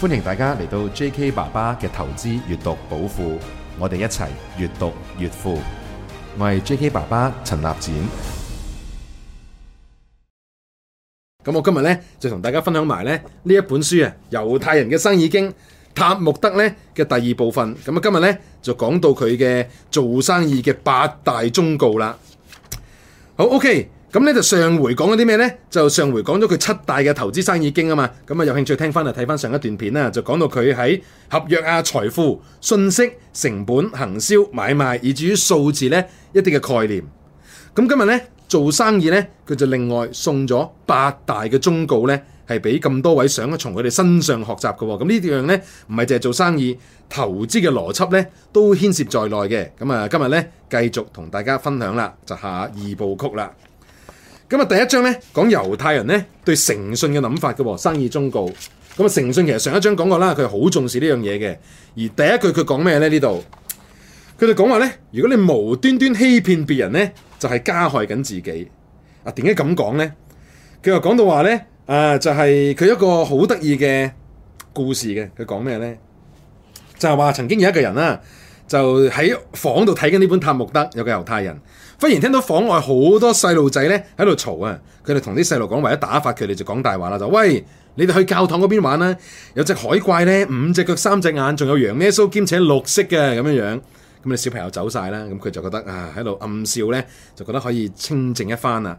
歡迎大家嚟到 J.K. 爸爸嘅投資閱讀寶庫，我哋一齊越讀越富。我係 J.K. 爸爸陳立展。咁我今日呢就同大家分享埋呢一本書啊，《猶太人嘅生意經》塔木德呢嘅第二部分。咁啊，我今日呢就講到佢嘅做生意嘅八大忠告啦。好，OK。咁咧就上回講咗啲咩呢？就上回講咗佢七大嘅投資生意經啊嘛。咁啊，有興趣聽翻啊，睇翻上一段片啦，就講到佢喺合約啊、財富、信息、成本、行銷、買賣，以至於數字呢一啲嘅概念。咁今日呢，做生意呢，佢就另外送咗八大嘅忠告呢，係俾咁多位想從佢哋身上學習嘅喎。咁呢樣呢，唔係淨係做生意投資嘅邏輯呢都牽涉在內嘅。咁啊，今日呢，繼續同大家分享啦，就下二部曲啦。咁啊，第一章咧，講猶太人咧，對誠信嘅諗法嘅，生意忠告。咁啊，誠信其實上一章講過啦，佢好重視呢樣嘢嘅。而第一句佢講咩咧？呢度佢哋講話咧，如果你無端端欺騙別人咧，就係加害緊自己。啊，點解咁講咧？佢又講到話咧，誒、啊，就係佢一個好得意嘅故事嘅。佢講咩咧？就係話曾經有一個人啦。就喺房度睇緊呢本《塔木德》，有個猶太人忽然聽到房外好多細路仔咧喺度嘈啊！佢哋同啲細路講，為咗打發佢哋就講大話啦，就喂你哋去教堂嗰邊玩啦，啊！有隻海怪咧，五隻腳三隻眼，仲有羊咩鬚，兼且綠色嘅咁樣樣。咁你小朋友走晒啦，咁佢就覺得啊喺度暗笑咧，就覺得可以清靜一番啊！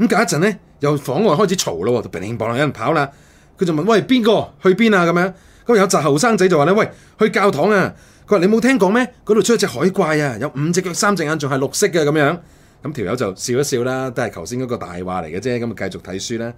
咁隔一陣咧，又房外開始嘈咯，就乒零乓啷有人跑啦。佢就問：喂，邊個去邊啊？咁樣咁有隻後生仔就話咧：喂，去教堂啊！喂，你冇聽講咩？嗰度出咗隻海怪啊！有五隻腳、三隻眼，仲係綠色嘅咁樣。咁條友就笑一笑啦，都係頭先嗰個大話嚟嘅啫。咁啊，繼續睇書啦。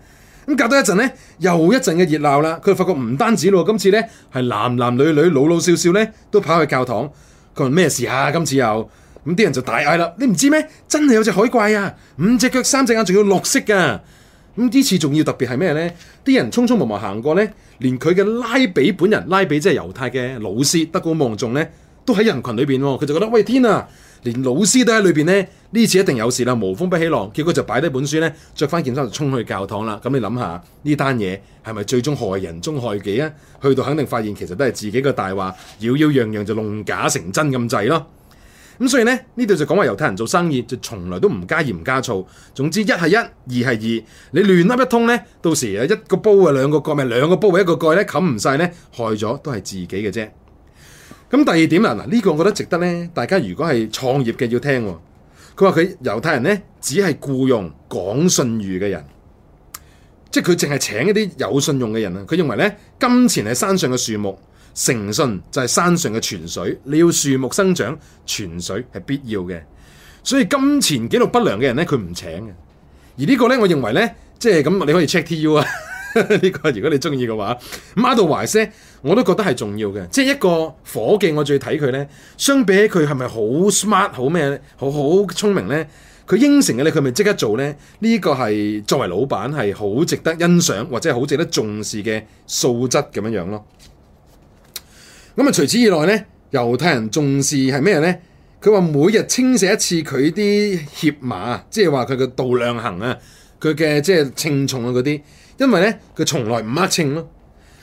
咁隔多一陣呢，又一陣嘅熱鬧啦。佢發覺唔單止咯，今次呢係男男女女、老老少少呢都跑去教堂。佢話咩事啊？今次又咁啲人就大嗌啦！你唔知咩？真係有隻海怪啊！五隻腳、三隻眼，仲要綠色噶。咁呢次仲要特別係咩呢？啲人匆匆忙忙行過呢，連佢嘅拉比本人，拉比即係猶太嘅老師，德高望重呢，都喺人群裏邊喎。佢就覺得喂，天啊，連老師都喺裏邊呢，呢次一定有事啦，無風不起浪。結果就擺低本書呢，着翻件衫就衝去教堂啦。咁你諗下呢單嘢係咪最終害人終害己啊？去到肯定發現其實都係自己個大話，妖妖揚揚就弄假成真咁滯咯。咁所以咧，呢度就講話猶太人做生意就從來都唔加鹽唔加醋，總之一係一，二係二，你亂噏一通呢，到時一個煲啊兩個蓋，咪兩個煲一個蓋呢，冚唔曬呢，害咗都係自己嘅啫。咁第二點啦，嗱、這、呢個我覺得值得呢。大家如果係創業嘅要聽。佢話，佢猶太人呢，只係僱傭講信譽嘅人，即係佢淨係請一啲有信用嘅人啊。佢認為呢，金錢係山上嘅樹木。誠信就係、是、山上嘅泉水，你要樹木生長，泉水係必要嘅。所以金錢記錄不良嘅人咧，佢唔請嘅。而個呢個咧，我認為咧，即係咁，你可以 check T U 啊。呢 個如果你中意嘅話，咁阿杜懷些，我都覺得係重要嘅。即係一個伙計，我最睇佢咧，相比起佢係咪好 smart，好咩咧，好好聰明咧，佢應承嘅你佢咪即刻做咧？呢、這個係作為老闆係好值得欣賞或者係好值得重視嘅素質咁樣樣咯。咁啊！除此以外咧，猶太人重視係咩咧？佢話每日清洗一次佢啲秤碼，即係話佢嘅度量衡啊，佢嘅即係稱重啊嗰啲。因為咧，佢從來唔呃稱咯，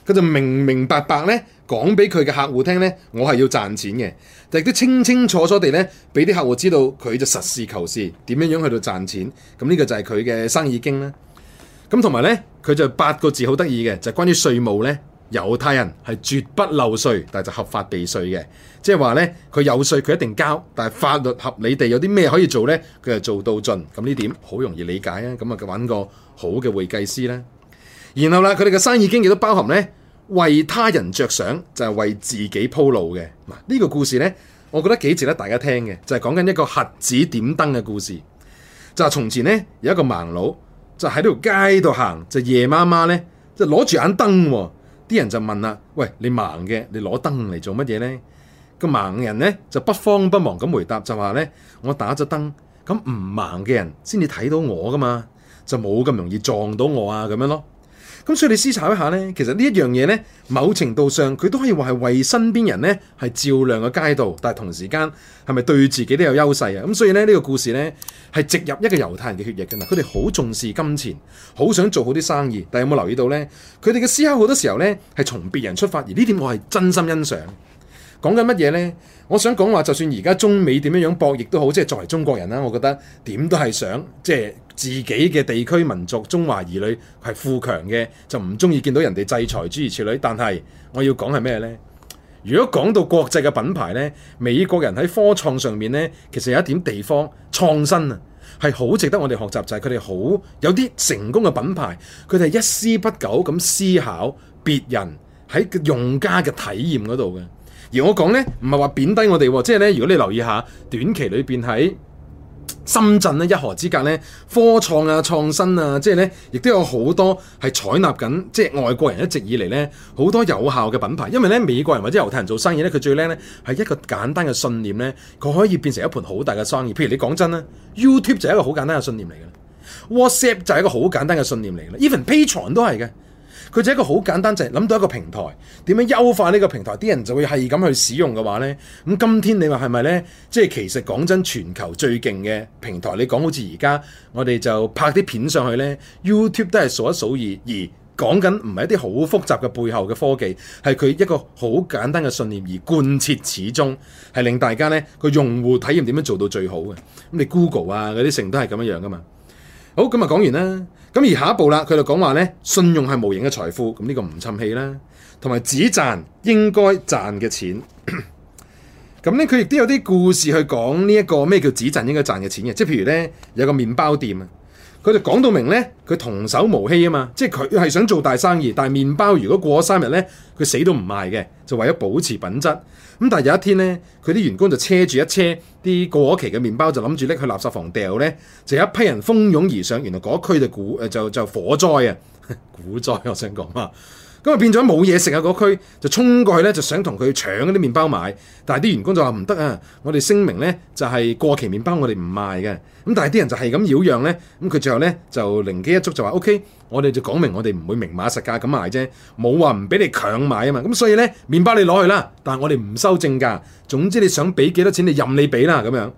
佢就明明白白咧講俾佢嘅客戶聽咧，我係要賺錢嘅，但亦都清清楚楚地咧俾啲客戶知道佢就實事求是點樣樣去到賺錢。咁、這、呢個就係佢嘅生意經啦。咁同埋咧，佢就八個字好得意嘅，就是、關於稅務咧。猶太人係絕不漏稅，但係就合法避稅嘅，即係話呢，佢有稅佢一定交，但係法律合理地有啲咩可以做呢？佢係做到盡。咁呢點好容易理解啊！咁啊揾個好嘅會計師啦。然後啦，佢哋嘅生意經亦都包含呢：為他人着想就係、是、為自己鋪路嘅。嗱，呢個故事呢，我覺得幾值得大家聽嘅，就係講緊一個瞎子點燈嘅故事。就係、是、從前呢，有一個盲佬，就喺、是、條街度行，就夜媽媽呢，就攞住眼燈、啊。啲人就問啦：「喂，你盲嘅，你攞燈嚟做乜嘢呢？」個盲人呢就不慌不忙咁回答，就話呢，我打咗燈，咁唔盲嘅人先至睇到我㗎嘛，就冇咁容易撞到我啊，咁樣咯。咁所以你思考一下呢，其實呢一樣嘢呢，某程度上佢都可以話係為身邊人呢，係照亮個街道，但係同時間，係咪對自己都有優勢啊？咁所以呢，呢個故事呢，係植入一個猶太人嘅血液㗎嗱，佢哋好重視金錢，好想做好啲生意。但係有冇留意到呢？佢哋嘅思考好多時候呢，係從別人出發，而呢點我係真心欣賞。講緊乜嘢呢？我想講話，就算而家中美點樣樣博弈都好，即係作為中國人啦，我覺得點都係想，即係自己嘅地區民族，中華兒女係富強嘅，就唔中意見到人哋制裁諸如此類。但係我要講係咩呢？如果講到國際嘅品牌呢，美國人喺科創上面呢，其實有一點地方創新啊，係好值得我哋學習，就係佢哋好有啲成功嘅品牌，佢哋一絲不苟咁思考別人喺用家嘅體驗嗰度嘅。而我講咧，唔係話貶低我哋、哦，即係咧。如果你留意下短期裏邊喺深圳咧，一河之隔咧，科創啊、創新啊，即係咧，亦都有好多係採納緊，即係外國人一直以嚟咧，好多有效嘅品牌。因為咧，美國人或者猶太人做生意咧，佢最叻咧係一個簡單嘅信念咧，佢可以變成一盤好大嘅生意。譬如你講真啦，YouTube 就係一個好簡單嘅信念嚟嘅，WhatsApp 就係一個好簡單嘅信念嚟，even Patreon 都係嘅。佢就一個好簡單，就係諗到一個平台，點樣優化呢個平台，啲人就會係咁去使用嘅話呢。咁今天你話係咪呢？即係其實講真，全球最勁嘅平台，你講好似而家我哋就拍啲片上去呢，YouTube 都係數一數二。而講緊唔係一啲好複雜嘅背後嘅科技，係佢一個好簡單嘅信念而貫徹始終，係令大家呢個用戶體驗點樣做到最好嘅。咁你 Google 啊嗰啲成都係咁樣樣噶嘛？好咁啊，講完啦。咁而下一步啦，佢就講話咧，信用係無形嘅財富。咁呢個唔侵氣啦，同埋只賺應該賺嘅錢。咁咧，佢亦都有啲故事去講，這個、呢一個咩叫只賺應該賺嘅錢嘅。即係譬如咧，有個麵包店啊，佢就講到明咧，佢童叟無欺啊嘛。即係佢係想做大生意，但係麵包如果過咗三日咧，佢死都唔賣嘅，就為咗保持品質。咁但係有一天呢，佢啲員工就車住一車啲過期嘅麵包，就諗住拎去垃圾房掉，呢，就有一批人蜂擁而上，原來嗰區就估就就火災啊， 古災我想講啊！咁啊變咗冇嘢食啊！嗰、那個、區就衝過去咧，就想同佢搶嗰啲麵包買。但係啲員工就話唔得啊！我哋聲明咧就係過期麵包我，我哋唔賣嘅。咁但係啲人就係咁擾攘咧。咁佢最後咧就靈機一觸就，OK，就話：O K，我哋就講明，我哋唔會明碼實價咁賣啫，冇話唔俾你強買啊嘛。咁所以咧，麵包你攞去啦，但係我哋唔收正價。總之你想俾幾多錢，你任你俾啦咁樣。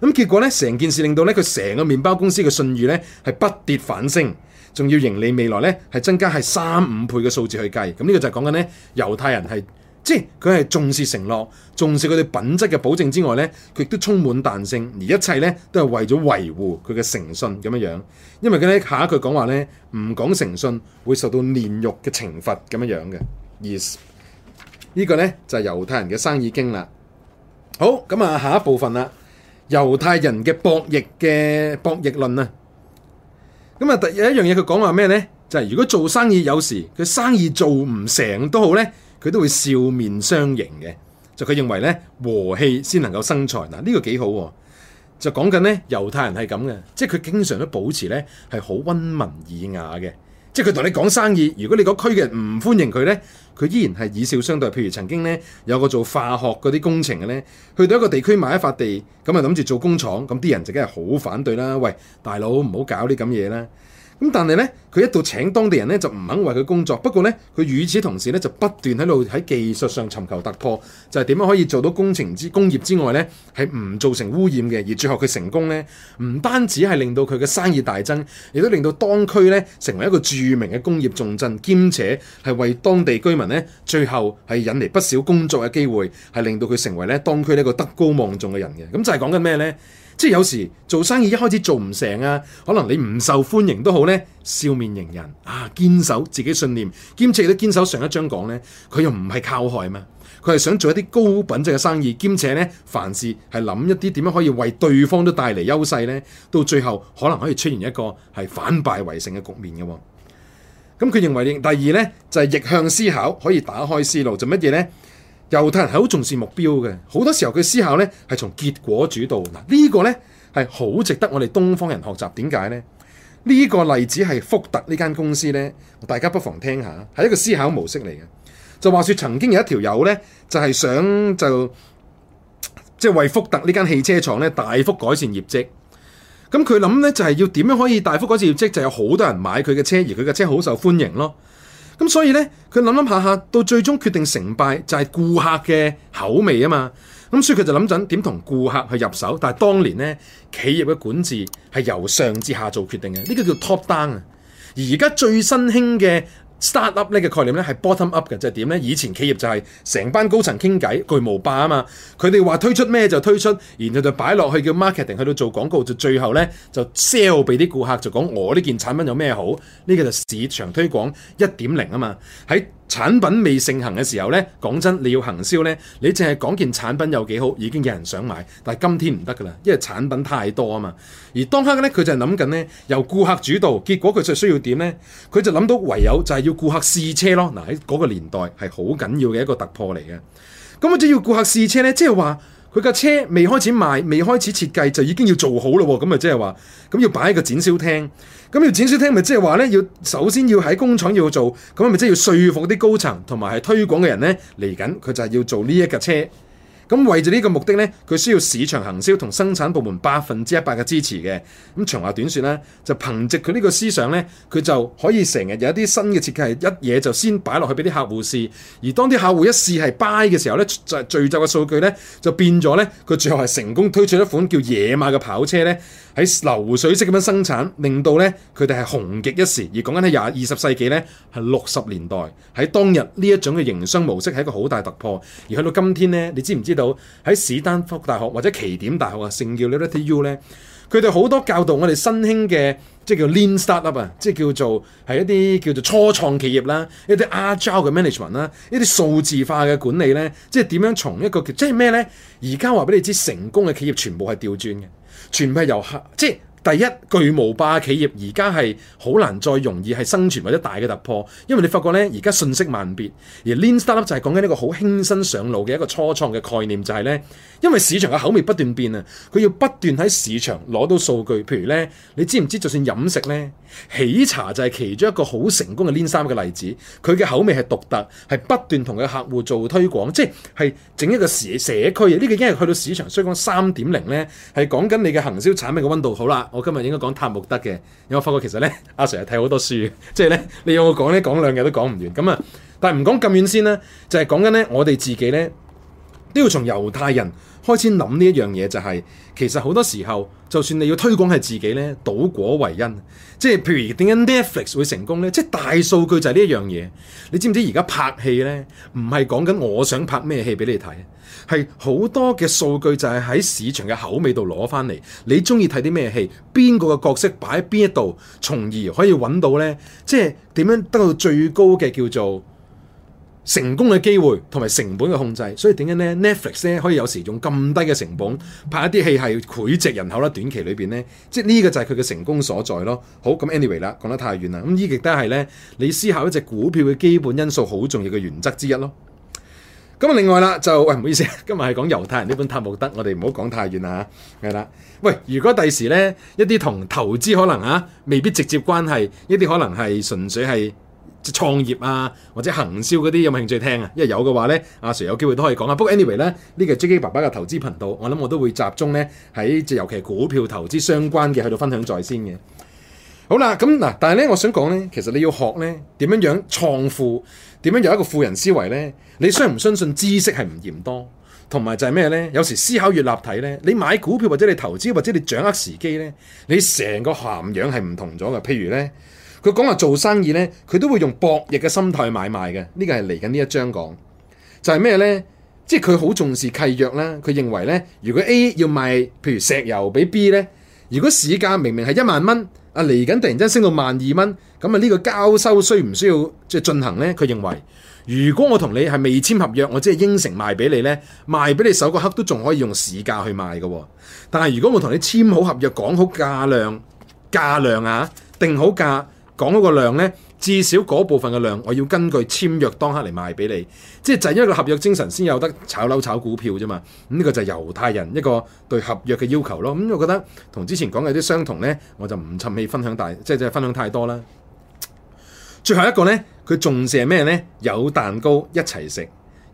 咁結果咧，成件事令到咧佢成個麵包公司嘅信譽咧係不跌反升。仲要盈利未來咧，係增加係三五倍嘅數字去計。咁呢個就係講緊咧，猶太人係即係佢係重視承諾，重視佢哋品質嘅保證之外咧，佢亦都充滿彈性，而一切咧都係為咗維護佢嘅誠信咁樣樣。因為佢咧下一句講話咧，唔講誠信會受到煉獄嘅懲罰咁樣樣嘅意思。呢個咧就係猶太人嘅生意經啦。好，咁啊，下一部分啦，猶太人嘅博弈嘅博弈論啊。咁啊，第有一樣嘢佢講話咩呢？就係、是、如果做生意有時佢生意做唔成都好呢，佢都會笑面相迎嘅。就佢認為呢，和氣先能夠生財嗱，呢、呢個幾好、哦。就講緊呢，猶太人係咁嘅，即係佢經常都保持呢係好温文爾雅嘅。即係佢同你講生意，如果你個區嘅人唔歡迎佢咧，佢依然係以笑相對。譬如曾經咧有個做化學嗰啲工程嘅咧，去到一個地區買一幅地，咁啊諗住做工廠，咁啲人就梗係好反對啦。喂，大佬唔好搞啲咁嘢啦。咁但係咧，佢一度請當地人咧就唔肯為佢工作。不過咧，佢與此同時咧就不斷喺度喺技術上尋求突破，就係點樣可以做到工程之工業之外咧係唔造成污染嘅。而最後佢成功咧，唔單止係令到佢嘅生意大增，亦都令到當區咧成為一個著名嘅工業重鎮，兼且係為當地居民咧最後係引嚟不少工作嘅機會，係令到佢成為咧當區呢個德高望重嘅人嘅。咁就係講緊咩咧？即係有時做生意一開始做唔成啊，可能你唔受歡迎都好咧，笑面迎人啊，堅守自己信念，兼且都堅守上一章講咧，佢又唔係靠害嘛，佢係想做一啲高品質嘅生意，兼且咧凡事係諗一啲點樣可以為對方都帶嚟優勢咧，到最後可能可以出現一個係反敗為勝嘅局面嘅。哦。咁、嗯、佢認為第二咧就係、是、逆向思考，可以打開思路，做乜嘢咧？猶太人係好重視目標嘅，好多時候佢思考呢係從結果主導。嗱，呢個呢係好值得我哋東方人學習。點解呢？呢個例子係福特呢間公司呢。大家不妨聽下，係一個思考模式嚟嘅。就話說曾經有一條友呢，就係想就即係為福特呢間汽車廠咧大幅改善業績。咁佢諗呢，就係要點樣可以大幅改善業績，就有好多人買佢嘅車，而佢嘅車好受歡迎咯。咁所以呢，佢諗諗下下，到最終決定成敗就係、是、顧客嘅口味啊嘛。咁、嗯、所以佢就諗緊點同顧客去入手。但係當年呢，企業嘅管治係由上至下做決定嘅，呢、這個叫 top down 啊。而而家最新興嘅。start up 呢個概念呢係 bottom up 嘅，即係點呢？以前企業就係成班高層傾偈巨無霸啊嘛，佢哋話推出咩就推出，然後就擺落去叫 marketing 去到做廣告，就最後呢就 sell 俾啲顧客，就講我呢件產品有咩好，呢個就市場推廣一點零啊嘛，喺。產品未盛行嘅時候呢，講真你要行銷呢，你淨係講件產品有幾好，已經有人想買。但係今天唔得噶啦，因為產品太多啊嘛。而當刻呢，佢就係諗緊呢，由顧客主導。結果佢就需要點呢？佢就諗到唯有就係要顧客試車咯。嗱，喺嗰個年代係好緊要嘅一個突破嚟嘅。咁啊，即係要顧客試車呢，即係話佢架車未開始賣，未開始設計就已經要做好咯。咁啊，即係話咁要擺喺個展銷廳。咁、嗯、要展示廳咪即係話咧？要、就是、首先要喺工廠要做，咁咪即係要說服啲高層同埋係推廣嘅人咧嚟緊，佢就係要做呢一架車。咁為咗呢個目的呢佢需要市場行銷同生產部門百分之一百嘅支持嘅。咁長話短説呢就憑藉佢呢個思想呢佢就可以成日有一啲新嘅設計係一嘢就先擺落去俾啲客戶試。而當啲客戶一試係 buy 嘅時候呢就聚集嘅數據呢就變咗呢佢最後係成功推出一款叫野馬嘅跑車呢喺流水式咁樣生產，令到呢佢哋係紅極一時。而講緊喺廿二十世紀呢係六十年代喺當日呢一種嘅營商模式係一個好大突破。而去到今天呢，你知唔知道？喺史丹福大學或者奇點大學啊，聖喬利亞蒂 U 咧，佢哋好多教導我哋新興嘅，即係叫 Lean Startup 啊，即係叫做係一啲叫做初創企業啦，一啲 Agile 嘅 Management 啦，一啲數字化嘅管理咧，即係點樣從一個，即係咩咧？而家話俾你知，成功嘅企業全部係掉轉嘅，全部係由客即係。第一巨無霸企業而家係好難再容易係生存或者大嘅突破，因為你發覺呢而家瞬息萬變，而 Lean Startup 就係講緊呢個好輕身上路嘅一個初創嘅概念，就係呢：因為市場嘅口味不斷變啊，佢要不斷喺市場攞到數據。譬如呢，你知唔知就算飲食呢，喜茶就係其中一個好成功嘅 Lean Startup 嘅例子，佢嘅口味係獨特，係不斷同嘅客戶做推廣，即係整一個社社區呢個已經係去到市場，所以講三點零呢，係講緊你嘅行銷產品嘅温度好啦。我今日應該講塔木德嘅，因為我發覺其實咧，阿 Sir 睇好多書，即係咧，你要我講咧，講兩日都講唔完咁啊！但係唔講咁遠先啦，就係講緊咧，我哋自己咧都要從猶太人開始諗呢一樣嘢，就係其實好多時候，就算你要推廣係自己咧，倒果為因，即係譬如點解 Netflix 會成功咧？即係大數據就係呢一樣嘢。你知唔知而家拍戲咧，唔係講緊我想拍咩戲俾你睇？係好多嘅數據就係喺市場嘅口味度攞翻嚟，你中意睇啲咩戲？邊個嘅角色擺喺邊一度，從而可以揾到呢？即係點樣得到最高嘅叫做成功嘅機會，同埋成本嘅控制。所以點解咧？Netflix 咧可以有時用咁低嘅成本拍一啲戲係膾炙人口啦，短期裏邊呢，即係呢個就係佢嘅成功所在咯。好，咁 anyway 啦，講得太遠啦。咁呢亦都係呢，你思考一隻股票嘅基本因素好重要嘅原則之一咯。咁另外啦，就喂，唔好意思，今日係講猶太人呢本《塔木德》，我哋唔好講太遠啦吓，係啦。喂，如果第時呢，一啲同投資可能啊，未必直接關係，一啲可能係純粹係創業啊，或者行銷嗰啲，有冇興趣聽啊？因為有嘅話呢，阿 Sir 有機會都可以講啊。不過 anyway 咧，呢個 JJK 爸爸嘅投資頻道，我諗我都會集中呢喺尤其係股票投資相關嘅，喺度分享在先嘅。好啦，咁嗱，但係呢，我想講呢，其實你要學呢點樣樣創富？點樣有一個富人思維呢？你相唔相信知識係唔嫌多，同埋就係咩呢？有時思考越立體呢，你買股票或者你投資或者你掌握時機呢，你成個涵養係唔同咗嘅。譬如呢，佢講話做生意呢，佢都會用博弈嘅心態買賣嘅。呢個係嚟緊呢一章講就係咩呢？即係佢好重視契約啦。佢認為呢，如果 A 要賣，譬如石油俾 B 呢，如果市價明明係一萬蚊，啊嚟緊突然間升到萬二蚊。咁啊，呢個交收需唔需要即係進行呢？佢認為，如果我同你係未簽合約，我只係應承賣俾你咧，賣俾你首個刻都仲可以用市價去賣嘅，哦。但係如果我同你簽好合約，講好價量價量啊，定好價講嗰個量呢，至少嗰部分嘅量我要根據簽約當刻嚟賣俾你，即係就係一個合約精神先有得炒樓炒股票啫嘛。咁、嗯、呢、呢個就係猶太人一個對合約嘅要求咯。咁、嗯、我覺得同之前講嘅啲相同呢，我就唔趁氣分享大，即係即係分享太多啦。最後一個呢，佢重視係咩呢？有蛋糕一齊食，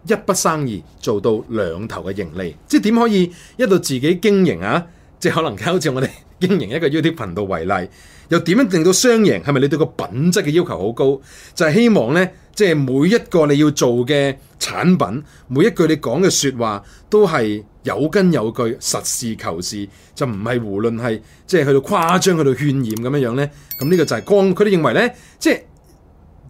一筆生意做到兩頭嘅盈利，即係點可以一到自己經營啊？即係可能好似我哋經營一個 YouTube 頻道為例，又點樣令到雙贏？係咪你對個品質嘅要求好高？就係希望呢，即係每一個你要做嘅產品，每一句你講嘅説話都係有根有據、實事求是，就唔係胡亂係即係去到誇張、去到渲染咁樣樣呢。咁呢個就係光佢哋認為呢。即係。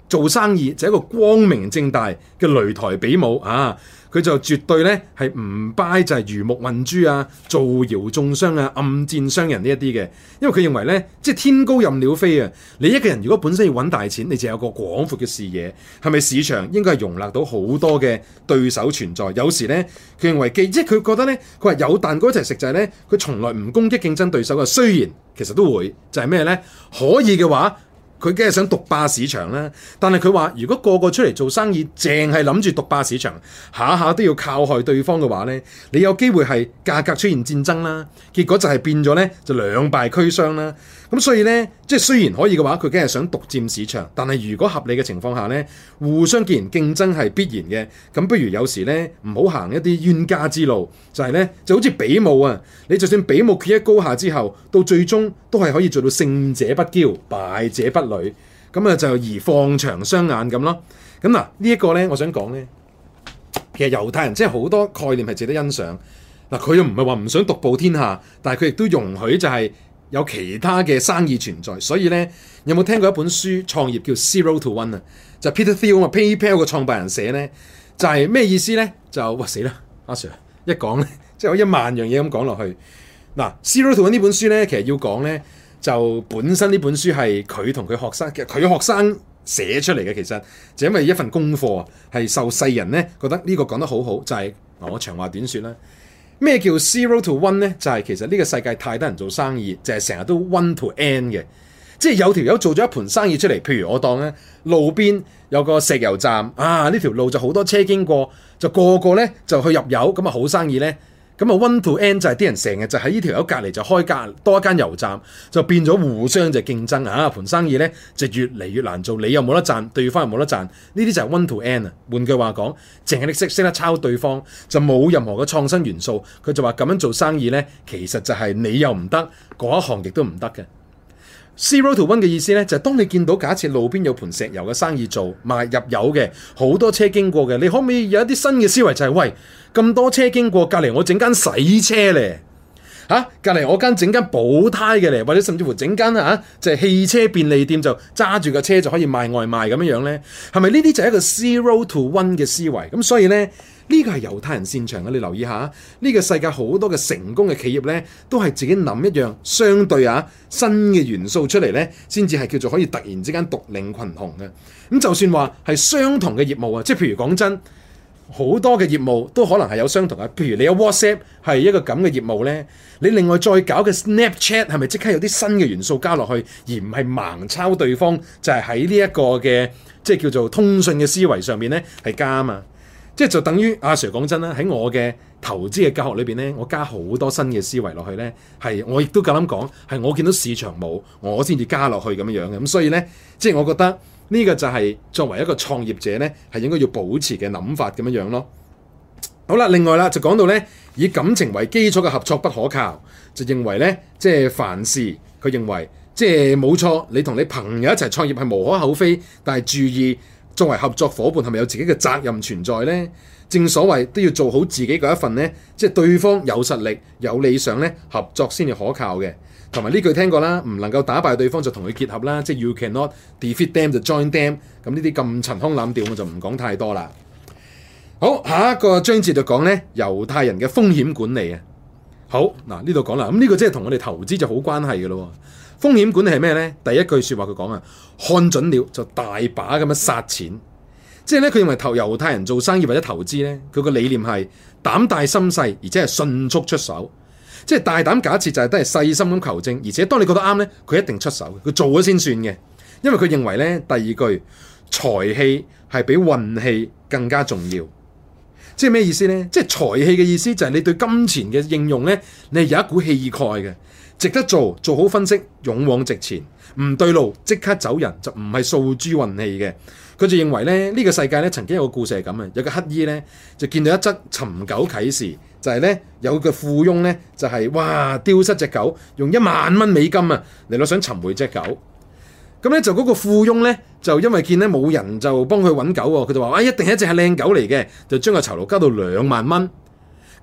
做生意就係一個光明正大嘅擂台比武啊！佢就絕對咧係唔掰，就係如木混珠啊、造謠中傷啊、暗箭傷人呢一啲嘅。因為佢認為咧，即係天高任鳥飛啊！你一個人如果本身要揾大錢，你就有個廣闊嘅視野，係咪市場應該係容納到好多嘅對手存在？有時咧，佢認為即佢覺得咧，佢話有蛋糕一齊食就係咧，佢從來唔攻擊競爭對手嘅。雖然其實都會就係咩咧，可以嘅話。佢梗係想獨霸市場啦，但係佢話如果個個出嚟做生意，淨係諗住獨霸市場，下下都要靠害對方嘅話呢，你有機會係價格出現戰爭啦，結果就係變咗呢，就兩敗俱傷啦。咁所以咧，即係雖然可以嘅話，佢梗係想獨佔市場。但係如果合理嘅情況下咧，互相既然競爭係必然嘅。咁不如有時咧，唔好行一啲冤家之路，就係、是、咧就好似比武啊！你就算比武決一高下之後，到最終都係可以做到勝者不驕，敗者不餒。咁啊就而放長雙眼咁咯。咁嗱呢一個咧，我想講咧，其實猶太人即係好多概念係值得欣賞。嗱，佢又唔係話唔想獨步天下，但係佢亦都容許就係、是。有其他嘅生意存在，所以咧，有冇聽過一本書創業叫 Zero to One 啊？就 Peter Thiel 啊 PayPal 嘅創辦人寫咧，就係咩意思咧？就哇死啦，阿 Sir 一講咧，即係有一萬樣嘢咁講落去嗱。Zero to One 呢本書咧，其實要講咧，就本身呢本書係佢同佢學生嘅，佢學生寫出嚟嘅，其實就因為一份功課係受世人咧覺得呢個講得好好，就係我長話短說啦。咩叫 zero to one 呢？就係、是、其實呢個世界太多人做生意，就係成日都 one to n 嘅，即係有條友做咗一盤生意出嚟。譬如我當呢，路邊有個石油站啊，呢條路就好多車經過，就個個呢就去入油，咁啊好生意呢。咁啊，one to n 就係啲人成日就喺呢條友隔離就開間多一間油站，就變咗互相就競爭嚇，盤、啊、生意咧就越嚟越難做，你又冇得賺，對方又冇得賺，呢啲就係 one to n 啊。換句話講，淨係識識得抄對方，就冇任何嘅創新元素。佢就話咁樣做生意咧，其實就係你又唔得，嗰行亦都唔得嘅。Zero to one 嘅意思呢，就係、是、當你見到假設路邊有盤石油嘅生意，做賣入油嘅，好多車經過嘅，你可唔可以有一啲新嘅思維？就係、是、喂，咁多車經過，隔離我整間洗車呢，嚇、啊，隔離我間整間補胎嘅呢，或者甚至乎整間嚇、啊、就係、是、汽車便利店就，就揸住個車就可以賣外賣咁樣樣呢，係咪呢啲就係一個 Zero to one 嘅思維？咁所以呢。呢個係猶太人擅長嘅，你留意下。呢個世界好多嘅成功嘅企業呢，都係自己諗一樣相對啊新嘅元素出嚟呢，先至係叫做可以突然之間獨領群雄嘅。咁就算話係相同嘅業務啊，即係譬如講真，好多嘅業務都可能係有相同嘅。譬如你有 WhatsApp 係一個咁嘅業務呢，你另外再搞嘅 Snapchat 係咪即刻有啲新嘅元素加落去，而唔係盲抄對方就，就係喺呢一個嘅即係叫做通訊嘅思維上面呢，係加嘛。即係就等於阿、啊、Sir 講真啦，喺我嘅投資嘅教學裏邊咧，我加好多新嘅思維落去咧，係我亦都夠膽講，係我見到市場冇，我先至加落去咁樣樣嘅。咁所以咧，即係我覺得呢、這個就係作為一個創業者咧，係應該要保持嘅諗法咁樣樣咯。好啦，另外啦，就講到咧，以感情為基礎嘅合作不可靠，就認為咧，即係凡事佢認為即係冇錯，你同你朋友一齊創業係無可厚非，但係注意。作為合作伙伴，係咪有自己嘅責任存在呢？正所謂都要做好自己嗰一份呢，即係對方有實力、有理想呢，合作先至可靠嘅。同埋呢句聽過啦，唔能夠打敗對方就同佢結合啦，即係 You cannot defeat them 就 join them。咁呢啲咁陳腔濫調我就唔講太多啦。好，下一個章節就講呢：猶太人嘅風險管理啊。好嗱，呢度講啦，咁呢、這個即係同我哋投資就好關係嘅咯。風險管理係咩呢？第一句說話佢講啊，看準了就大把咁樣殺錢，即係呢佢認為投猶太人做生意或者投資呢，佢個理念係膽大心細，而且係迅速出手，即係大膽假設就係都係細心咁求證，而且當你覺得啱呢，佢一定出手，佢做咗先算嘅，因為佢認為呢第二句財氣係比運氣更加重要，即係咩意思呢？即係財氣嘅意思就係你對金錢嘅應用呢，你係有一股氣概嘅。值得做，做好分析，勇往直前。唔對路，即刻走人，就唔係數珠運氣嘅。佢就認為咧，呢、這個世界咧曾經有個故事係咁嘅，有個乞兒咧就見到一則尋狗啟事，就係、是、咧有個富翁咧就係、是、哇丟失隻狗，用一萬蚊美金啊嚟到想尋回隻狗。咁咧就嗰個富翁咧就因為見咧冇人就幫佢揾狗喎，佢就話：哇、哎，一定係一隻係靚狗嚟嘅，就將個酬勞加到兩萬蚊。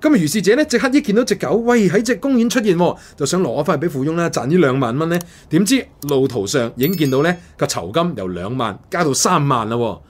咁啊，如是者咧，隻乞衣見到隻狗，喂喺隻公園出現、哦，就想攞翻去俾富翁啦，賺呢兩萬蚊咧。點知路途上已經見到咧個酬金由兩萬加到三萬啦、哦。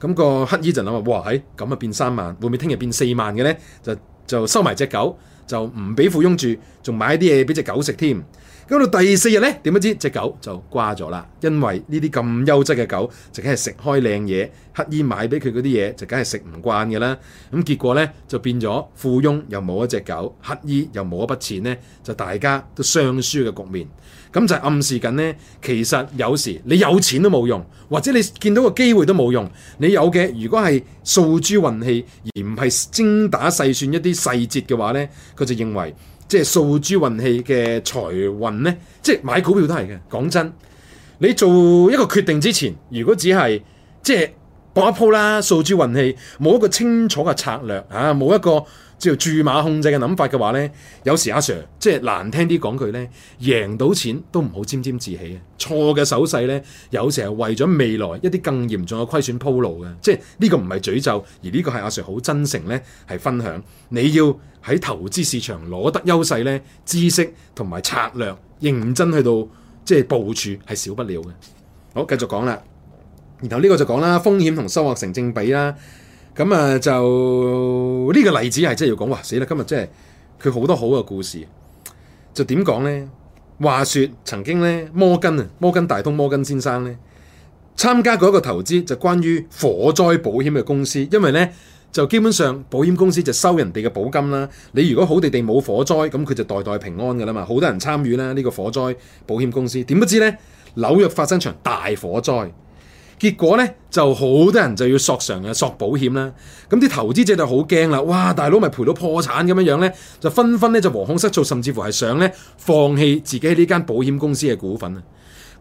咁個乞衣就諗話，哇，喺咁啊變三萬，會唔會聽日變四萬嘅咧？就就收埋隻狗，就唔俾富翁住，仲買啲嘢俾隻狗食添。咁到第四日呢，點不知隻狗就瓜咗啦，因為呢啲咁優質嘅狗，就梗係食開靚嘢，乞衣買俾佢嗰啲嘢，就梗係食唔慣嘅啦。咁結果呢，就變咗富翁又冇一隻狗，乞衣又冇一筆錢呢，就大家都相輸嘅局面。咁就暗示緊呢，其實有時你有錢都冇用，或者你見到個機會都冇用。你有嘅，如果係數珠運氣而唔係精打細算一啲細節嘅話呢，佢就認為。即係數珠運氣嘅財運呢，即係買股票都係嘅。講真，你做一個決定之前，如果只係即係搏一鋪啦，數珠運氣，冇一個清楚嘅策略啊，冇、啊、一個。叫注碼控制嘅諗法嘅話呢，有時阿 Sir 即係難聽啲講句呢，贏到錢都唔好沾沾自喜啊！錯嘅手勢呢，有時係為咗未來一啲更嚴重嘅虧損鋪路嘅，即係呢個唔係詛咒，而呢個係阿 Sir 好真誠呢係分享。你要喺投資市場攞得優勢呢，知識同埋策略認真去到即係部署係少不了嘅。好，繼續講啦，然後呢個就講啦，風險同收穫成正比啦。咁啊，就呢個例子係真係要講，哇！死啦，今日真係佢好多好嘅故事。就點講呢？話說曾經呢，摩根啊，摩根大通摩根先生呢，參加過一個投資，就關於火災保險嘅公司。因為呢，就基本上保險公司就收人哋嘅保金啦。你如果好地地冇火災，咁佢就代代平安噶啦嘛。好多人參與啦，呢個火災保險公司。點不知呢，紐約發生場大火災。結果咧就好多人就要索償呀，索保險啦，咁啲投資者就好驚啦，哇，大佬咪賠到破產咁樣樣咧，就紛紛咧就惶恐失措，甚至乎係想咧放棄自己呢間保險公司嘅股份啊。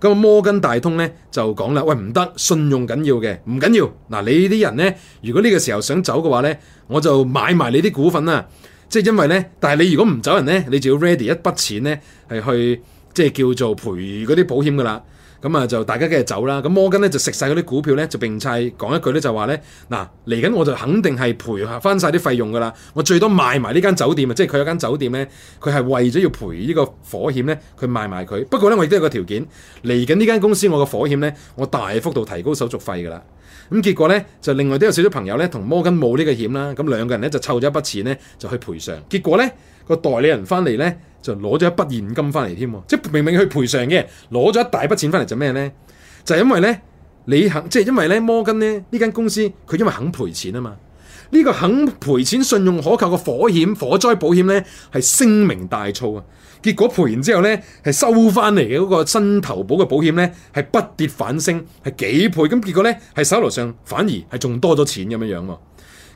咁啊摩根大通咧就講啦，喂，唔得，信用緊要嘅，唔緊要嗱，你啲人咧如果呢個時候想走嘅話咧，我就買埋你啲股份啦，即係因為咧，但係你如果唔走人咧，你就要 ready 一筆錢咧係去即係叫做賠嗰啲保險噶啦。咁啊，就大家繼續走啦。咁摩根咧就食晒嗰啲股票咧，就並砌差。講一句咧，就話咧，嗱，嚟緊我就肯定係賠翻晒啲費用噶啦。我最多賣埋呢間酒店啊，即係佢有間酒店咧，佢係為咗要賠呢個火險咧，佢賣埋佢。不過咧，我亦都有個條件，嚟緊呢間公司我個火險咧，我大幅度提高手續費噶啦。咁結果咧，就另外都有少少朋友咧，同摩根冇呢個險啦。咁兩個人咧就湊咗一筆錢咧，就去賠償。結果咧，個代理人翻嚟咧。就攞咗一筆現金翻嚟添喎，即係明明去賠償嘅，攞咗一大筆錢翻嚟做咩呢？就係、是、因為呢，你肯即係因為呢摩根呢呢間公司佢因為肯賠錢啊嘛，呢、這個肯賠錢信用可靠嘅火險、火災保險呢係聲名大噪啊，結果賠完之後呢，係收翻嚟嘅嗰個新投保嘅保險呢，係不跌反升，係幾倍咁，結果呢，係手頭上反而係仲多咗錢咁樣樣喎。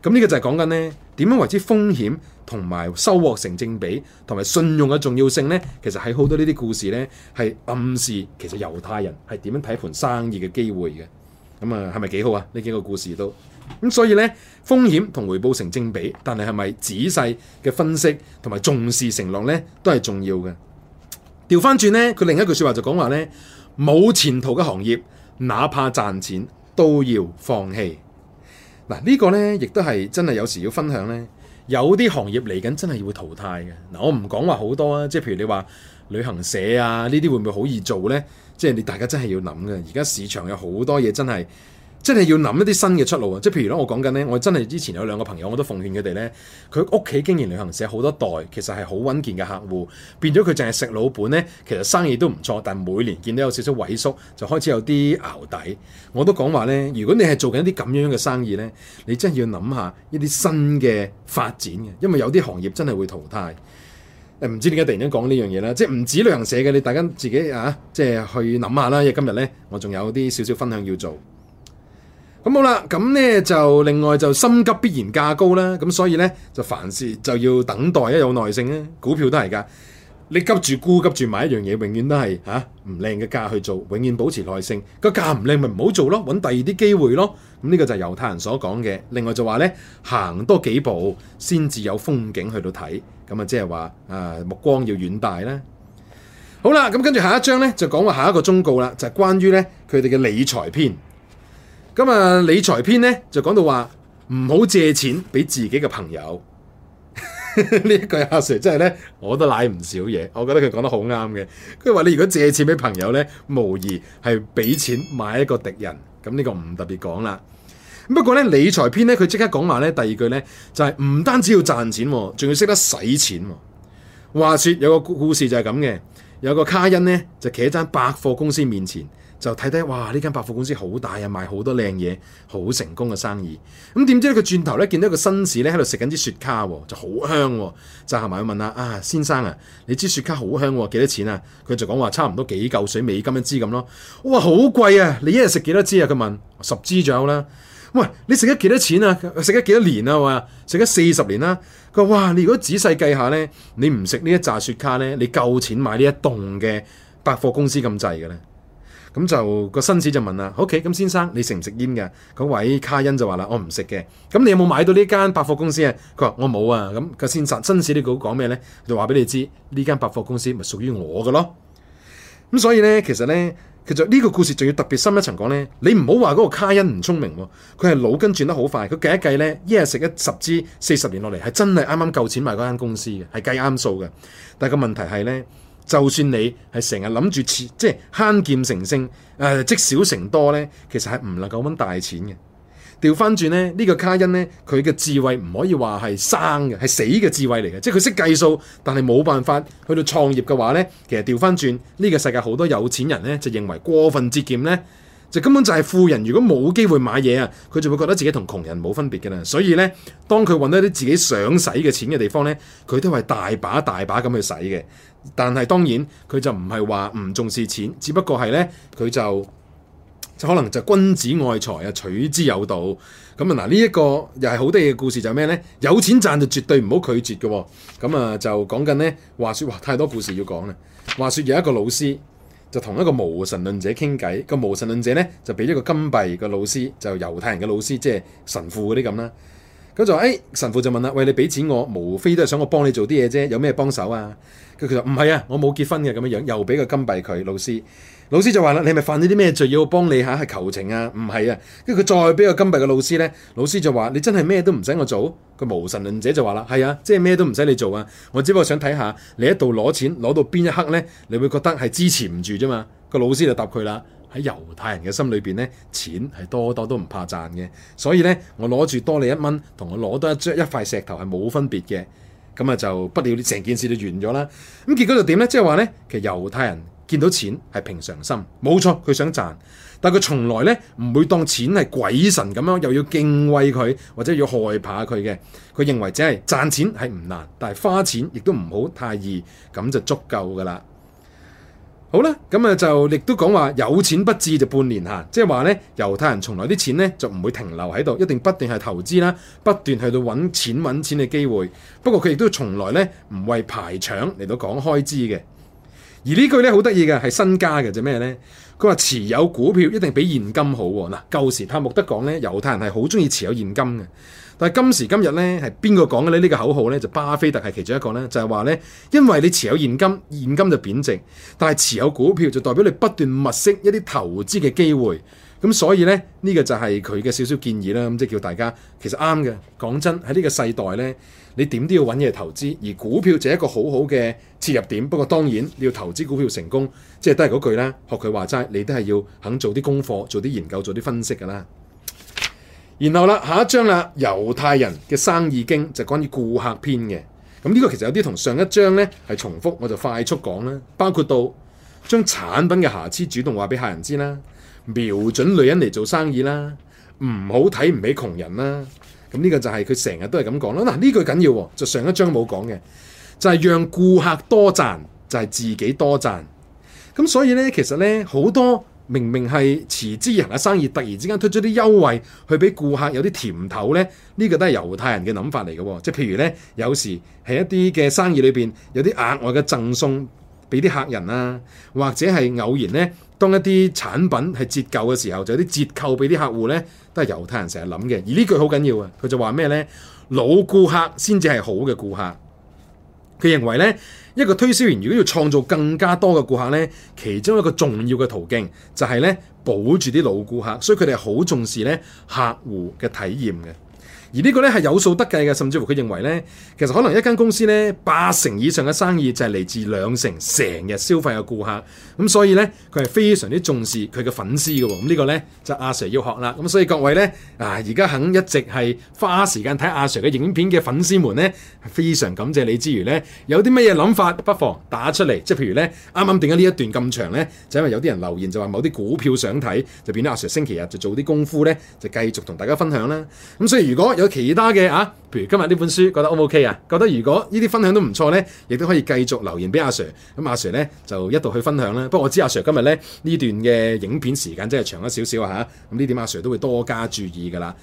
咁呢個就係講緊呢，點樣為之風險同埋收穫成正比，同埋信用嘅重要性呢，其實喺好多呢啲故事呢，係暗示，其實猶太人係點樣睇盤生意嘅機會嘅。咁、嗯、啊，係咪幾好啊？呢幾個故事都咁，所以呢，風險同回報成正比，但係係咪仔細嘅分析同埋重視承諾呢，都係重要嘅。調翻轉呢，佢另一句說話就講話呢，冇前途嘅行業，哪怕賺錢都要放棄。嗱，呢個呢，亦都係真係有時要分享呢，有啲行業嚟緊真係會淘汰嘅。嗱，我唔講話好多啊，即係譬如你話旅行社啊，呢啲會唔會好易做呢？即係你大家真係要諗嘅。而家市場有好多嘢真係。真係要諗一啲新嘅出路啊！即係譬如咧，我講緊呢，我真係之前有兩個朋友，我都奉勸佢哋呢。佢屋企經營旅行社好多代，其實係好穩健嘅客戶，變咗佢淨係食老本呢，其實生意都唔錯，但係每年見到有少少萎縮，就開始有啲淆底。我都講話呢，如果你係做緊一啲咁樣嘅生意呢，你真係要諗下一啲新嘅發展嘅，因為有啲行業真係會淘汰。誒、呃、唔知點解突然間講呢樣嘢啦，即係唔止旅行社嘅，你大家自己啊，即係去諗下啦。因為今日呢，我仲有啲少少分享要做。咁好啦，咁呢就另外就心急必然價高啦，咁所以呢，就凡事就要等待一有耐性啊，股票都係噶，你急住沽急住買一樣嘢，永遠都係吓唔靚嘅價去做，永遠保持耐性，個價唔靚咪唔好做咯，揾第二啲機會咯。咁呢個就係猶太人所講嘅，另外就話呢，行多幾步先至有風景去到睇，咁啊即係話啊目光要遠大啦。好啦，咁跟住下一章呢，就講個下一個忠告啦，就係關於呢佢哋嘅理財篇。咁啊，理財篇咧就講到話唔好借錢俾自己嘅朋友。呢 一句阿、啊、Sir 真係咧，我都賴唔少嘢。我覺得佢講得好啱嘅。佢話你如果借錢俾朋友咧，無疑係俾錢買一個敵人。咁呢個唔特別講啦。不過咧，理財篇咧，佢即刻講話咧，第二句咧就係、是、唔單止要賺錢，仲要識得使錢。話說有個故事就係咁嘅，有個卡因咧就企喺間百貨公司面前。就睇睇哇！呢間百貨公司好大啊，賣好多靚嘢，好成功嘅生意。咁點知咧？佢轉頭咧見到一個紳士咧喺度食緊啲雪茄喎、啊，就好香喎、啊。就行埋去問啦：啊，先生啊，你支雪茄好香喎、啊，幾多錢啊？佢就講話差唔多幾嚿水美金一支咁咯。哇好貴啊！你一日食幾多支啊？佢問十支左右啦。喂，你食咗幾多錢啊？食咗幾多年啊？哇、啊！食咗四十年啦。佢話：哇！你如果仔細計下咧，你唔食呢一紮雪茄咧，你夠錢買呢一棟嘅百貨公司咁滯嘅咧？咁就、個紳士就問啦，OK，咁先生你食唔食煙嘅？嗰位卡恩就話啦，我唔食嘅。咁你有冇買到呢間百貨公司啊？佢話我冇啊。咁個先生、紳士呢個講咩呢？就話俾你知，呢間百貨公司咪屬於我嘅咯。咁所以呢，其實呢，其實呢個故事仲要特別深一層講呢。你唔好話嗰個卡恩唔聰明喎、哦，佢係腦筋轉得好快，佢計一計呢，一日食咗十支，四十年落嚟係真係啱啱夠錢買嗰間公司嘅，係計啱數嘅。但個問題係呢。就算你係成日諗住即係慳儉成性，誒積少成多呢，其實係唔能夠揾大錢嘅。調翻轉呢，呢、呢個卡因呢，佢嘅智慧唔可以話係生嘅，係死嘅智慧嚟嘅，即係佢識計數，但係冇辦法去到創業嘅話呢，其實調翻轉呢個世界好多有錢人呢，就認為過分節儉呢，就根本就係富人。如果冇機會買嘢啊，佢就會覺得自己同窮人冇分別嘅啦。所以呢，當佢揾到啲自己想使嘅錢嘅地方呢，佢都係大把大把咁去使嘅。但係當然，佢就唔係話唔重視錢，只不過係呢，佢就就可能就君子愛財啊，取之有道。咁啊嗱，呢一個又係好得意嘅故事就係咩呢？「有錢賺」就絕對唔好拒絕㗎喎。咁啊就講緊呢，話說哇，太多故事要講啦。話說有一個老師就同一個無神論者傾偈，個無神論者呢，就俾咗個金幣，個老師就猶太人嘅老師，即係神父嗰啲咁啦。佢就話、哎，神父就問啦，喂，你俾錢我，無非都係想我幫你做啲嘢啫，有咩幫手啊？佢佢就，唔係啊，我冇結婚嘅咁樣樣，又俾個金幣佢老師。老師就話啦，你咪犯咗啲咩罪要我幫你下係求情啊？唔係啊？跟住佢再俾個金幣個老師咧，老師就話，你真係咩都唔使我做？個無神論者就話啦，係啊，即係咩都唔使你做啊，我只不過想睇下你喺度攞錢攞到邊一刻咧，你會覺得係支持唔住啫嘛？個老師就答佢啦。喺猶太人嘅心裏邊咧，錢係多多都唔怕賺嘅，所以咧我攞住多你一蚊，同我攞多一張一塊石頭係冇分別嘅，咁啊就不了，你成件事就完咗啦。咁結果呢就點咧？即係話咧，其實猶太人見到錢係平常心，冇錯，佢想賺，但係佢從來咧唔會當錢係鬼神咁樣，又要敬畏佢或者要害怕佢嘅。佢認為淨係賺錢係唔難，但係花錢亦都唔好太易，咁就足夠噶啦。好啦，咁啊就亦都講話有錢不至就半年吓，即係話咧猶太人從來啲錢咧就唔會停留喺度，一定不斷係投資啦，不斷去到揾錢揾錢嘅機會。不過佢亦都從來咧唔為排場嚟到講開支嘅。而呢句咧好得意嘅，係新加嘅啫咩呢？佢話持有股票一定比現金好喎，啊。嗱，舊時塔木德講呢，猶太人係好中意持有現金嘅。但係今時今日呢，係邊個講嘅咧？呢、呢個口號呢，就巴菲特係其中一個呢，就係、係、話呢：「因為你持有現金，現金就貶值，但係持有股票就代表你不斷物色一啲投資嘅機會。」咁所以呢，呢、呢個就係佢嘅少少建議啦。咁即係叫大家其實啱嘅。講真喺呢個世代呢。你點都要揾嘢投資，而股票就係一個好好嘅切入點。不過當然你要投資股票成功，即係都係嗰句啦，學佢話齋，你都係要肯做啲功課，做啲研究，做啲分析㗎啦。然後啦，下一章啦，猶太人嘅生意經就關於顧客篇嘅。咁呢個其實有啲同上一章呢係重複，我就快速講啦。包括到將產品嘅瑕疵主動話俾客人知啦，瞄準女人嚟做生意啦，唔好睇唔起窮人啦。呢個就係佢成日都係咁講啦，嗱，呢句緊要，就上一章冇講嘅，就係、是、讓顧客多賺，就係、是、自己多賺。咁所以呢，其實呢，好多明明係持之以恒嘅生意，突然之間推出啲優惠，去俾顧客有啲甜頭呢。呢、這個都係猶太人嘅諗法嚟嘅。即係譬如呢，有時喺一啲嘅生意裏邊，有啲額外嘅贈送。俾啲客人啊，或者係偶然呢，當一啲產品係折舊嘅時候，就有啲折扣俾啲客戶呢，都係猶太人成日諗嘅。而呢句好緊要啊，佢就話咩呢？老顧客先至係好嘅顧客。佢認為呢，一個推銷員如果要創造更加多嘅顧客呢，其中一個重要嘅途徑就係呢，保住啲老顧客，所以佢哋好重視呢客戶嘅體驗嘅。而呢個呢係有數得計嘅，甚至乎佢認為呢，其實可能一間公司呢，八成以上嘅生意就係嚟自兩成成日消費嘅顧客，咁、嗯、所以呢，佢係非常之重視佢嘅粉絲嘅喎，咁、嗯、呢個呢，就是、阿 Sir 要學啦，咁、嗯、所以各位呢，啊而家肯一直係花時間睇阿 Sir 嘅影片嘅粉絲們呢，非常感謝你之餘呢，有啲乜嘢諗法不妨打出嚟，即係譬如呢，啱啱點解呢一段咁長呢，就因為有啲人留言就話某啲股票想睇，就變咗阿 Sir 星期日就做啲功夫呢，就繼續同大家分享啦，咁、嗯、所以如果有其他嘅啊，譬如今日呢本書覺得 O 唔 O K 啊？覺得如果呢啲分享都唔錯呢，亦都可以繼續留言俾阿 Sir。咁阿 Sir 呢就一度去分享啦。不過我知阿 Sir 今日呢呢段嘅影片時間真係長咗少少吓。咁呢點阿 Sir 都會多加注意噶啦。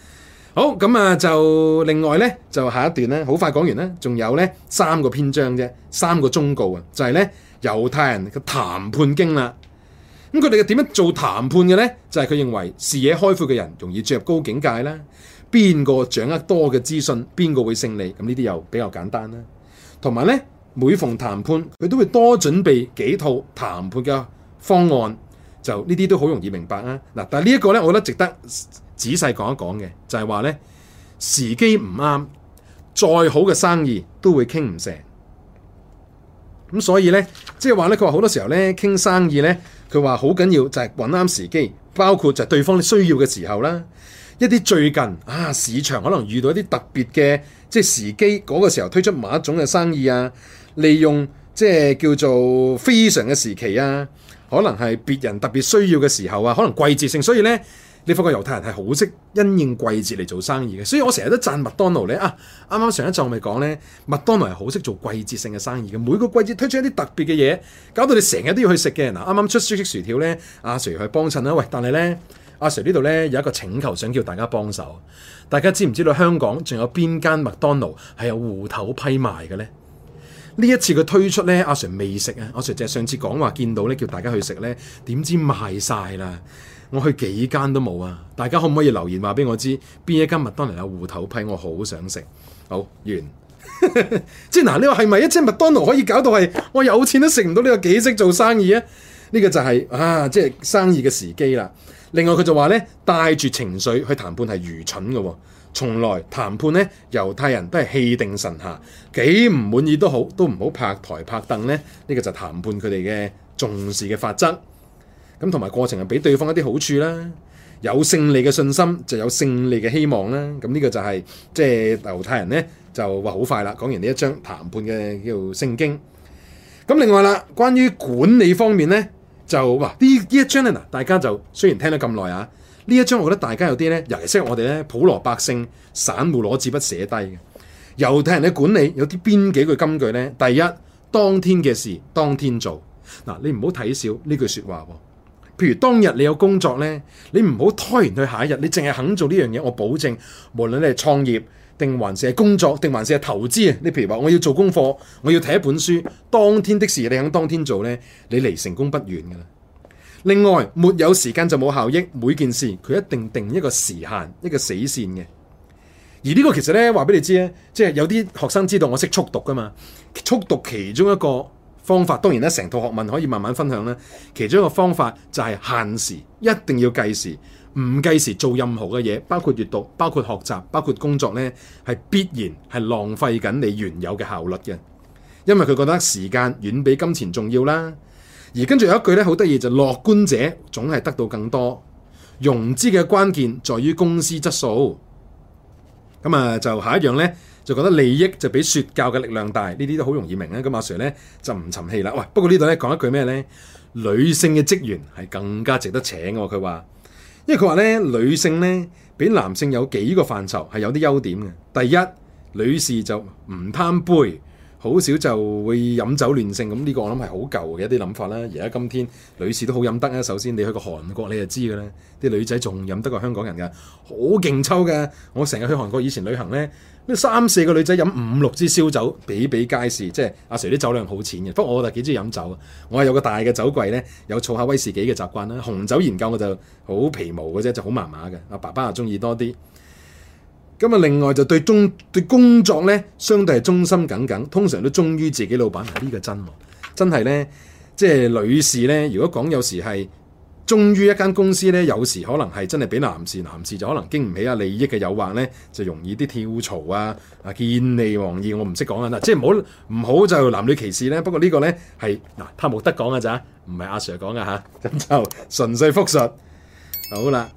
好，咁啊就另外呢，就下一段呢，好快講完呢，仲有呢三個篇章啫，三個忠告啊，就係呢：猶太人嘅談判經啦。咁佢哋嘅點樣做談判嘅呢？就係佢認為視野開闊嘅人容易進入高境界啦。邊個掌握多嘅資訊，邊個會勝利？咁呢啲又比較簡單啦。同埋呢，每逢談判，佢都會多準備幾套談判嘅方案。就呢啲都好容易明白啊！嗱，但係呢一個呢，我覺得值得仔細講一講嘅，就係話呢，時機唔啱，再好嘅生意都會傾唔成。咁所以呢，即係話呢，佢話好多時候呢，傾生意呢，佢話好緊要就係揾啱時機，包括就係對方需要嘅時候啦。一啲最近啊，市場可能遇到一啲特別嘅即時機，嗰個時候推出某一種嘅生意啊，利用即係叫做非常嘅時期啊，可能係別人特別需要嘅時候啊，可能季節性，所以呢，你發覺猶太人係好識因應季節嚟做生意嘅，所以我成日都讚麥當勞呢。啊，啱啱上一集咪講呢，麥當勞係好識做季節性嘅生意嘅，每個季節推出一啲特別嘅嘢，搞到你成日都要去食嘅。嗱、啊，啱啱出舒食薯條呢，阿、啊、Sir 去幫襯啦？喂，但係呢。阿 Sir 呢度呢，有一個請求，想叫大家幫手。大家知唔知道香港仲有邊間麥當勞係有芋頭批賣嘅呢？呢一次佢推出呢，阿 Sir 未食啊！阿 Sir 只係上次講話見到呢，叫大家去食呢，點知賣晒啦！我去幾間都冇啊！大家可唔可以留言話俾我知邊一間麥當勞有芋頭批？我好想食。好完，即嗱呢個係咪一隻麥當勞可以搞到係我有錢都食唔到呢個幾識做生意啊？呢個就係、啊，即係生意嘅時機啦。另外佢就話咧，帶住情緒去談判係愚蠢嘅、哦，從來談判咧猶太人都係氣定神閒，幾唔滿意都好，都唔好拍台拍凳咧。呢、這個就談判佢哋嘅重視嘅法則。咁同埋過程係俾對方一啲好處啦，有勝利嘅信心就有勝利嘅希望啦。咁、嗯、呢、這個就係即係猶太人咧就話好快啦，講完呢一章談判嘅叫聖經。咁、嗯、另外啦，關於管理方面咧。就哇，呢呢一章咧嗱，大家就雖然聽得咁耐啊，呢一章我覺得大家有啲咧，尤其適合我哋咧普羅百姓、散戶攞紙筆寫低嘅。猶太人嘅管理有啲邊幾句金句咧？第一，當天嘅事當天做嗱，你唔好睇少呢句説話喎、哦。譬如當日你有工作咧，你唔好拖延去下一日，你淨係肯做呢樣嘢，我保證無論你係創業。定還是係工作，定還是係投資啊？你譬如話，我要做功課，我要睇一本書，當天的事你肯當天做呢，你離成功不遠噶啦。另外，沒有時間就冇效益，每件事佢一定定一個時限，一個死線嘅。而呢個其實呢，話俾你知呢，即係有啲學生知道我識速讀噶嘛。速讀其中一個方法，當然咧成套學問可以慢慢分享啦。其中一個方法就係限時，一定要計時。唔計時做任何嘅嘢，包括閱讀、包括學習、包括工作呢，係必然係浪費緊你原有嘅效率嘅。因為佢覺得時間遠比金錢重要啦。而跟住有一句呢，好得意就，樂觀者總係得到更多。融資嘅關鍵在於公司質素。咁啊，就下一樣呢，就覺得利益就比説教嘅力量大。呢啲都好容易明啊。咁阿 Sir 呢，就唔沉氣啦。喂，不過呢度呢，講一句咩呢？女性嘅職員係更加值得請喎，佢話。因為佢話呢，女性呢比男性有幾個範疇係有啲優點嘅。第一，女士就唔貪杯。好少就會飲酒亂性，咁呢個我諗係好舊嘅一啲諗法啦。而家今天女士都好飲得啊。首先你去過韓國，你就知嘅啦，啲女仔仲飲得過香港人嘅，好勁抽嘅。我成日去韓國以前旅行呢，三四個女仔飲五六支燒酒，比比皆是。即係阿 Sir 啲酒量好淺嘅，不過我就幾中意飲酒啊。我係有個大嘅酒櫃呢，有儲下威士忌嘅習慣啦。紅酒研究我就好皮毛嘅啫，就好麻麻嘅。阿、啊、爸爸又中意多啲。咁啊，另外就對忠對工作咧，相對係忠心耿耿，通常都忠於自己老闆係呢、啊這個真喎，真係咧，即係女士咧，如果講有時係忠於一間公司咧，有時可能係真係比男士，男士就可能經唔起啊利益嘅誘惑咧，就容易啲跳槽啊啊，見利忘義，我唔識講啊嗱，即係唔好唔好就男女歧視咧。不過個呢個咧係嗱，塔木德講噶咋，唔、啊、係阿 Sir 講噶吓，咁、啊、就純粹複述。好啦，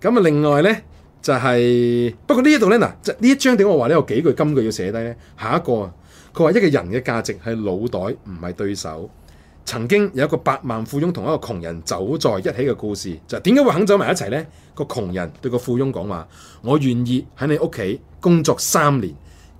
咁啊另外咧。就係、是、不過呢一度呢，嗱，呢一張碟我話呢，有幾句金句要寫低呢。下一個啊，佢話一個人嘅價值係腦袋，唔係對手。曾經有一個百萬富翁同一個窮人走在一起嘅故事，就點、是、解會肯走埋一齊呢？個窮人對個富翁講話：我願意喺你屋企工作三年，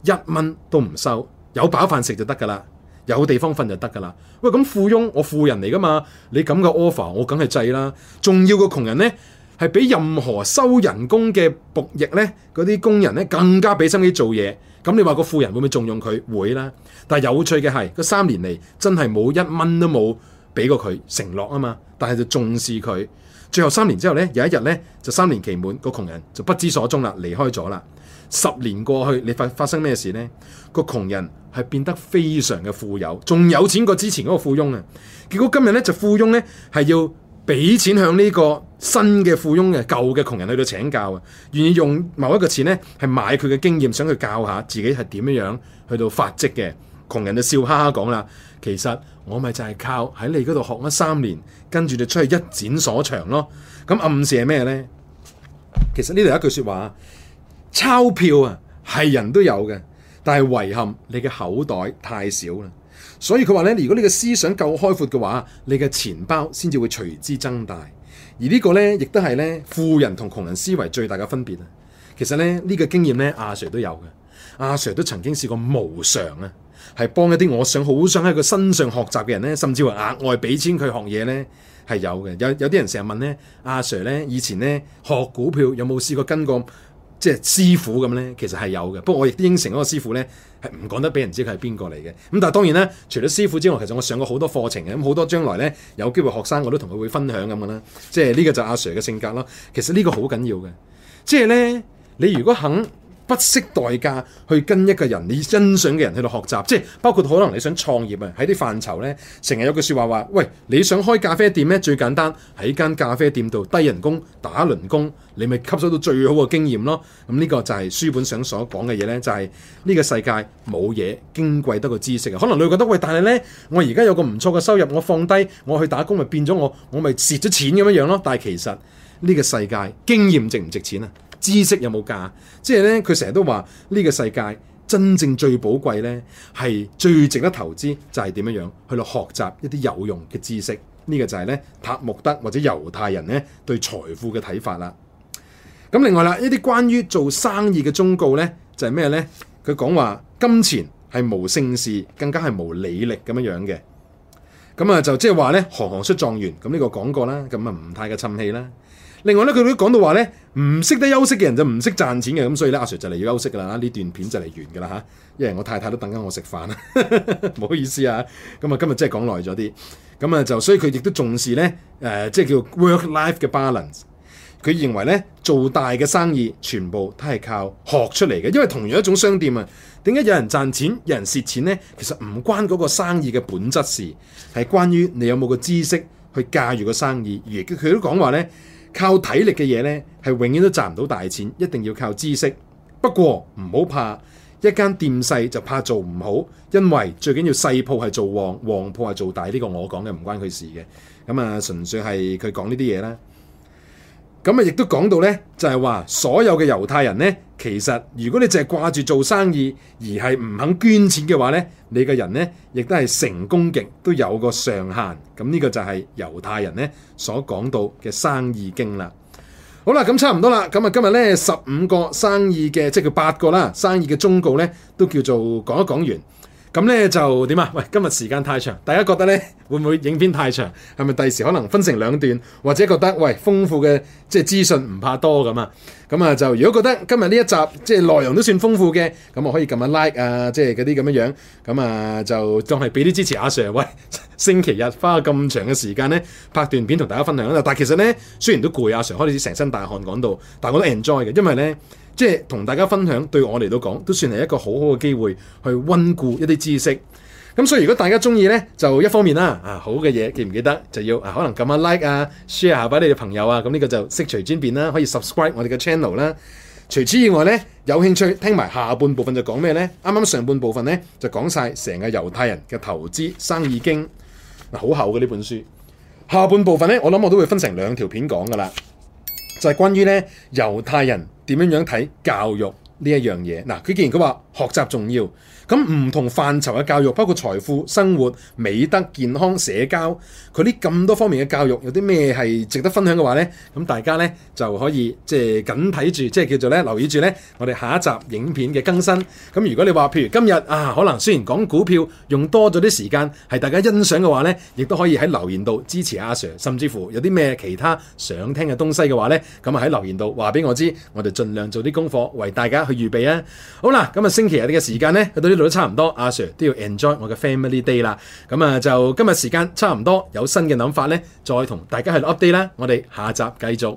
一蚊都唔收，有飽飯食就得噶啦，有地方瞓就得噶啦。喂，咁富翁，我富人嚟噶嘛？你咁嘅 offer，我梗係制啦。仲要個窮人呢。係俾任何收人工嘅僕役呢，嗰啲工人呢更加俾心機做嘢。咁你話個富人會唔會重用佢？會啦。但係有趣嘅係，個三年嚟真係冇一蚊都冇俾過佢，承諾啊嘛，但係就重視佢。最後三年之後呢，有一日呢，就三年期滿，個窮人就不知所終啦，離開咗啦。十年過去，你發發生咩事呢？個窮人係變得非常嘅富有，仲有錢過之前嗰個富翁啊。結果今日呢，就富翁呢係要俾錢向呢個。新嘅富翁嘅、舊嘅窮人去到請教啊，願意用某一個錢咧，係買佢嘅經驗，想去教下自己係點樣樣去到發跡嘅。窮人就笑哈哈講啦，其實我咪就係靠喺你嗰度學咗三年，跟住就出去一展所長咯。咁、嗯、暗示係咩呢？其實呢度有一句説話，鈔票啊係人都有嘅，但係遺憾你嘅口袋太少啦。所以佢話咧，如果你嘅思想夠開闊嘅話，你嘅錢包先至會隨之增大。而呢個呢，亦都係呢富人同窮人思維最大嘅分別啊！其實呢，呢個經驗呢，阿 Sir 都有嘅，阿 Sir 都曾經試過無償啊，係幫一啲我想好想喺佢身上學習嘅人呢，甚至乎額外俾錢佢學嘢呢，係有嘅。有有啲人成日問呢，阿 Sir 呢，以前呢，學股票有冇試過跟過？即係師傅咁咧，其實係有嘅。不過我亦應承嗰個師傅咧，係唔講得俾人知佢係邊個嚟嘅。咁但係當然啦，除咗師傅之外，其實我上過好多課程嘅。咁好多將來咧，有機會學生我都同佢會分享咁嘅啦。即係呢個就阿 Sir 嘅性格咯。其實呢個好緊要嘅。即係咧，你如果肯不惜代價去跟一個人你欣賞嘅人去度學習，即係包括可能你想創業啊，喺啲範疇呢，成日有句說話話，喂，你想開咖啡店咧，最簡單喺間咖啡店度低人工打輪工，你咪吸收到最好嘅經驗咯。咁、嗯、呢、這個就係書本上所講嘅嘢呢，就係、是、呢個世界冇嘢矜貴得過知識啊。可能你會覺得喂，但係呢，我而家有個唔錯嘅收入，我放低我去打工咪變咗我，我咪蝕咗錢咁樣樣咯。但係其實呢、呢個世界經驗值唔值錢啊？知識有冇價？即係咧，佢成日都話呢、這個世界真正最寶貴咧，係最值得投資就係、是、點樣樣去到學習一啲有用嘅知識。呢、這個就係咧塔木德或者猶太人咧對財富嘅睇法啦。咁另外啦，一啲關於做生意嘅忠告咧，就係咩咧？佢講話金錢係無姓氏，更加係無履歷咁樣樣嘅。咁啊，就即係話咧，行行出狀元。咁、這、呢個講過啦，咁啊唔太嘅趁氣啦。另外咧，佢都講到話咧，唔識得休息嘅人就唔識賺錢嘅，咁所以咧，阿 Sir 就嚟要休息噶啦，呢段片就嚟完噶啦嚇，因為我太太都等緊我食飯，唔好意思啊，咁啊今日真係講耐咗啲，咁啊就所以佢亦都重視咧，誒、呃、即係叫 work life 嘅 balance。佢認為咧，做大嘅生意全部都係靠學出嚟嘅，因為同樣一種商店啊，點解有人賺錢，有人蝕錢咧？其實唔關嗰個生意嘅本質事，係關於你有冇個知識去駕馭個生意。而佢都講話咧。靠體力嘅嘢呢，係永遠都賺唔到大錢，一定要靠知識。不過唔好怕，一間店細就怕做唔好，因為最緊要細鋪係做旺，旺鋪係做大。呢個我講嘅唔關佢事嘅，咁啊純粹係佢講呢啲嘢啦。咁啊，亦都講到咧，就係話所有嘅猶太人咧，其實如果你淨係掛住做生意而係唔肯捐錢嘅話咧，你嘅人咧亦都係成功極都有個上限。咁呢個就係猶太人咧所講到嘅生意經啦。好啦，咁差唔多啦。咁啊，今日咧十五個生意嘅即係叫八個啦，生意嘅忠告咧都叫做講一講完。咁呢就點啊？喂，今日時間太長，大家覺得呢會唔會影片太長？係咪第時可能分成兩段？或者覺得喂，豐富嘅即係資訊唔怕多咁啊？咁啊，就如果覺得今日呢一集即係內容都算豐富嘅，咁我可以撳下 like 啊，即係嗰啲咁樣樣。咁啊，就當係俾啲支持阿 Sir。喂，星期日花咁長嘅時間咧拍段片同大家分享啦。但係其實咧，雖然都攰，阿 Sir 開始成身大汗講到，但我都 enjoy 嘅，因為咧即係同大家分享對我嚟到講都算係一個好好嘅機會去溫故一啲知識。咁、嗯、所以如果大家中意咧，就一方面啦，啊好嘅嘢記唔記得就要啊可能撳下 like 啊，share 下俾你嘅朋友啊，咁、嗯、呢、這個就悉隨尊便啦，可以 subscribe 我哋嘅 channel 啦。除此以外咧，有興趣聽埋下半部分就講咩咧？啱啱上半部分咧就講晒成個猶太人嘅投資生意經，嗱、啊、好厚嘅呢本書。下半部分咧，我諗我都會分成兩條片講噶啦，就係、是、關於咧猶太人點樣樣睇教育呢一樣嘢。嗱、啊、佢既然佢話學習重要。咁唔同範疇嘅教育，包括財富、生活、美德、健康、社交，佢啲咁多方面嘅教育，有啲咩係值得分享嘅話呢？咁大家呢就可以即係緊睇住，即係叫做呢留意住呢我哋下一集影片嘅更新。咁如果你話譬如今日啊，可能雖然講股票用多咗啲時間，係大家欣賞嘅話呢，亦都可以喺留言度支持阿 Sir，甚至乎有啲咩其他想聽嘅東西嘅話呢，咁啊喺留言度話俾我知，我哋盡量做啲功課為大家去預備啊。好啦，咁啊星期日嘅時間呢，去到都差唔多，阿 Sir 都要 enjoy 我嘅 Family Day 啦。咁啊，就今日時間差唔多，有新嘅諗法咧，再同大家去 update 啦。我哋下集繼續。